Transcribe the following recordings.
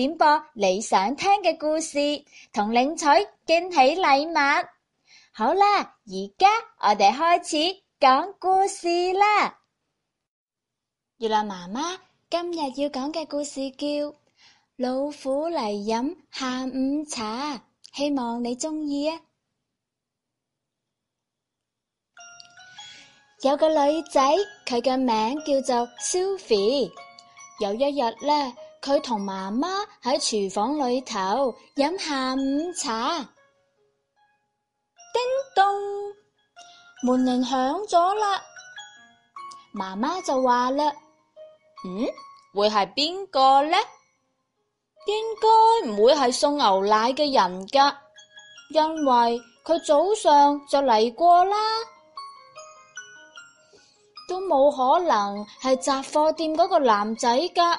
點播你想聽嘅故事，同領取驚喜禮物。好啦，而家我哋開始講故事啦。月亮媽媽今日要講嘅故事叫《老虎嚟飲下午茶》，希望你中意啊！有個女仔，佢嘅名叫做 Sophie。有一日呢。佢同媽媽喺廚房裏頭飲下午茶，叮咚，門鈴響咗啦！媽媽就話啦：嗯，會係邊個呢？應該唔會係送牛奶嘅人噶，因為佢早上就嚟過啦，都冇可能係雜貨店嗰個男仔噶。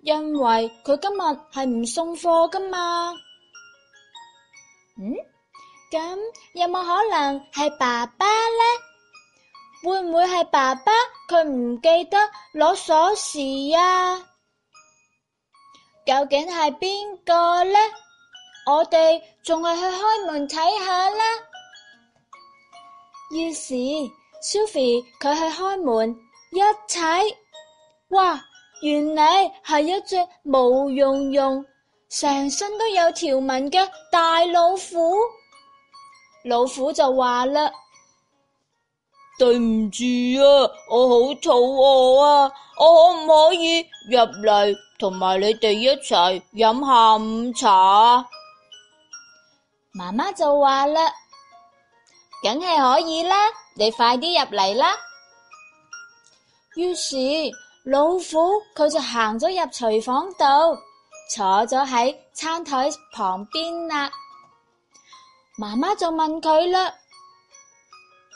因為佢今日係唔送貨噶嘛。嗯，咁有冇可能係爸爸呢？會唔會係爸爸佢唔記得攞鎖匙呀？究竟係邊個呢？我哋仲係去開門睇下啦。於是 Sophie 佢去開門一睇，哇！原來係一隻毛茸茸、成身都有條紋嘅大老虎。老虎就話啦：對唔住啊，我好肚餓啊，我可唔可以入嚟，同埋你哋一齊飲下午茶啊？媽媽就話啦：梗係可以啦，你快啲入嚟啦。於是。老虎佢就行咗入廚房度，坐咗喺餐台旁邊啦。媽媽就問佢啦：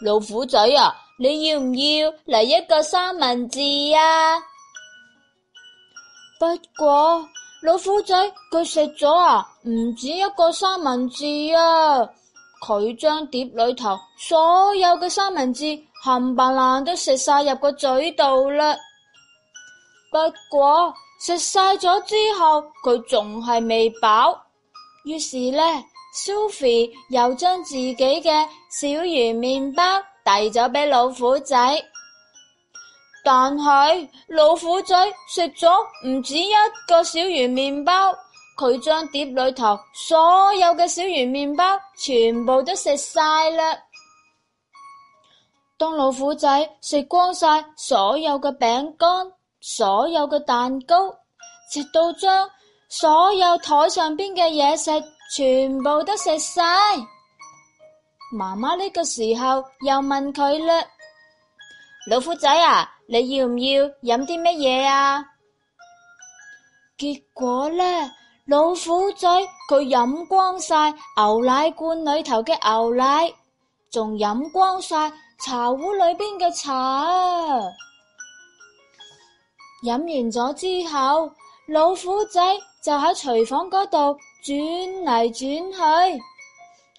老虎仔啊，你要唔要嚟一個三文治啊？ 不過老虎仔佢食咗啊，唔止一個三文治啊，佢將碟裏頭所有嘅三文治冚唪唥都食晒入個嘴度啦。不過食晒咗之後，佢仲係未飽。於是呢，Sophie 又將自己嘅小圓麵包遞咗俾老虎仔。但係老虎仔食咗唔止一個小圓麵包，佢將碟裏頭所有嘅小圓麵包全部都食晒啦。當老虎仔食光晒所有嘅餅乾。所有嘅蛋糕，直到將所有台上邊嘅嘢食全部都食晒。媽媽呢個時候又問佢咧：老虎仔啊，你要唔要飲啲乜嘢啊？結果呢，老虎仔佢飲光晒牛奶罐裏頭嘅牛奶，仲飲光晒茶壺裏邊嘅茶啊！飲完咗之後，老虎仔就喺廚房嗰度轉嚟轉去，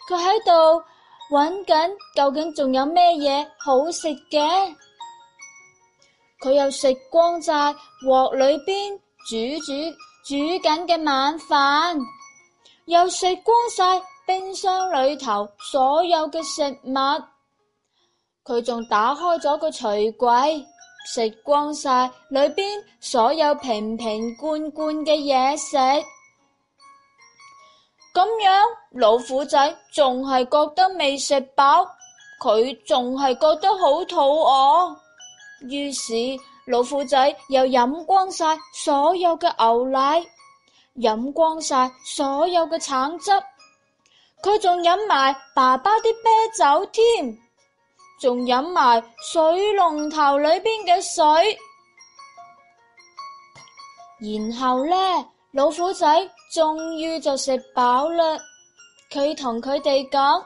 佢喺度揾緊究竟仲有咩嘢好食嘅。佢又食光晒鍋裏邊煮煮煮緊嘅晚飯，又食光晒冰箱裏頭所有嘅食物，佢仲打開咗個櫥櫃。食光晒裏邊所有瓶瓶罐罐嘅嘢食，咁樣老虎仔仲係覺得未食飽，佢仲係覺得好肚餓。於是老虎仔又飲光晒所有嘅牛奶，飲光晒所有嘅橙汁，佢仲飲埋爸爸啲啤酒添。仲飲埋水龍頭裏邊嘅水，然後呢，老虎仔終於就食飽啦。佢同佢哋講：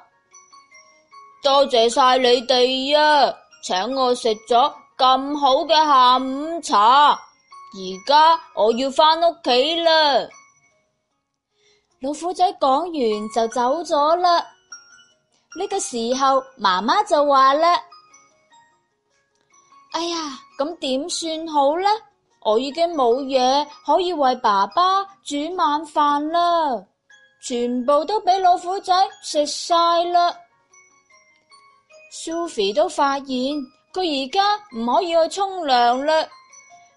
多謝晒你哋啊，請我食咗咁好嘅下午茶。而家我要返屋企啦。老虎仔講完就走咗啦。呢個時候，媽媽就話啦：哎呀，咁點算好呢？我已經冇嘢可以為爸爸煮晚飯啦，全部都俾老虎仔食晒啦。Sophie 都發現佢而家唔可以去沖涼啦，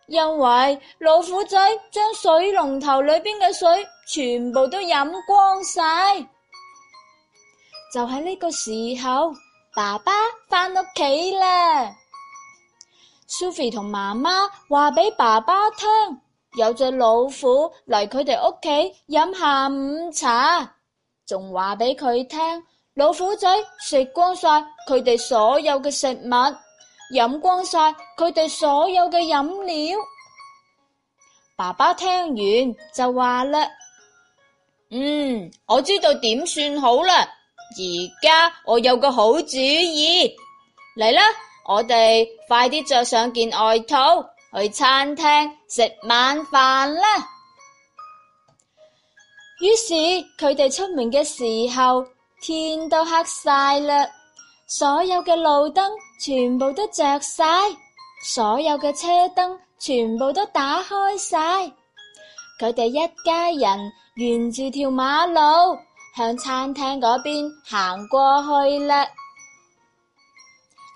因為老虎仔將水龍頭裏邊嘅水全部都飲光晒。就喺呢個時候，爸爸翻屋企啦。蘇菲同媽媽話俾爸爸聽，有隻老虎嚟佢哋屋企飲下午茶，仲話俾佢聽老虎仔食光晒佢哋所有嘅食物，飲光晒佢哋所有嘅飲料。爸爸聽完就話啦：嗯，我知道點算好啦。而家我有個好主意，嚟啦！我哋快啲着上件外套，去餐廳食晚飯啦。於是佢哋出門嘅時候，天都黑晒啦，所有嘅路燈全部都着晒，所有嘅車燈全部都打開晒，佢哋一家人沿住條馬路，向餐廳嗰邊行過去啦，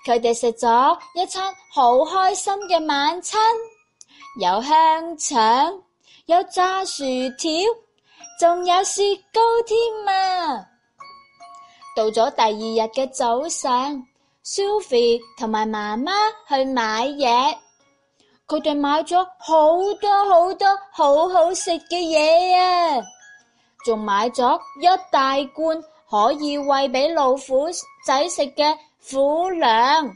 佢哋食咗一餐好開心嘅晚餐，有香腸，有炸薯條，仲有雪糕添啊！到咗第二日嘅早上，Sophie 同埋媽媽去買嘢，佢哋買咗好多好多好好食嘅嘢啊！仲買咗一大罐可以餵俾老虎仔食嘅虎糧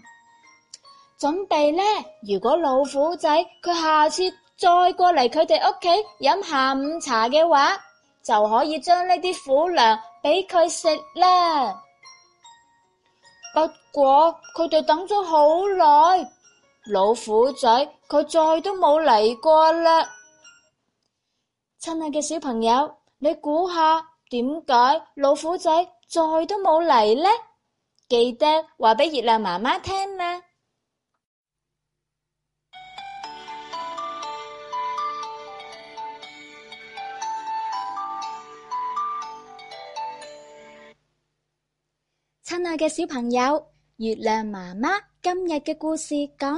準備呢。如果老虎仔佢下次再過嚟佢哋屋企飲下午茶嘅話，就可以將呢啲虎糧俾佢食啦。不過佢哋等咗好耐，老虎仔佢再都冇嚟過啦。親愛嘅小朋友。你估下點解老虎仔再都冇嚟呢？記得話俾月亮媽媽聽呢。親愛嘅小朋友，月亮媽媽今日嘅故事講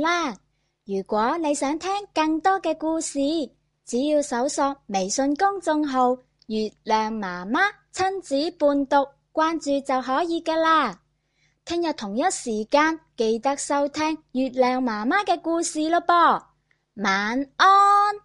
完啦。如果你想聽更多嘅故事，只要搜索微信公眾號《月亮媽媽親子伴讀》，關注就可以噶啦。聽日同一時間記得收聽月亮媽媽嘅故事咯，噃。晚安。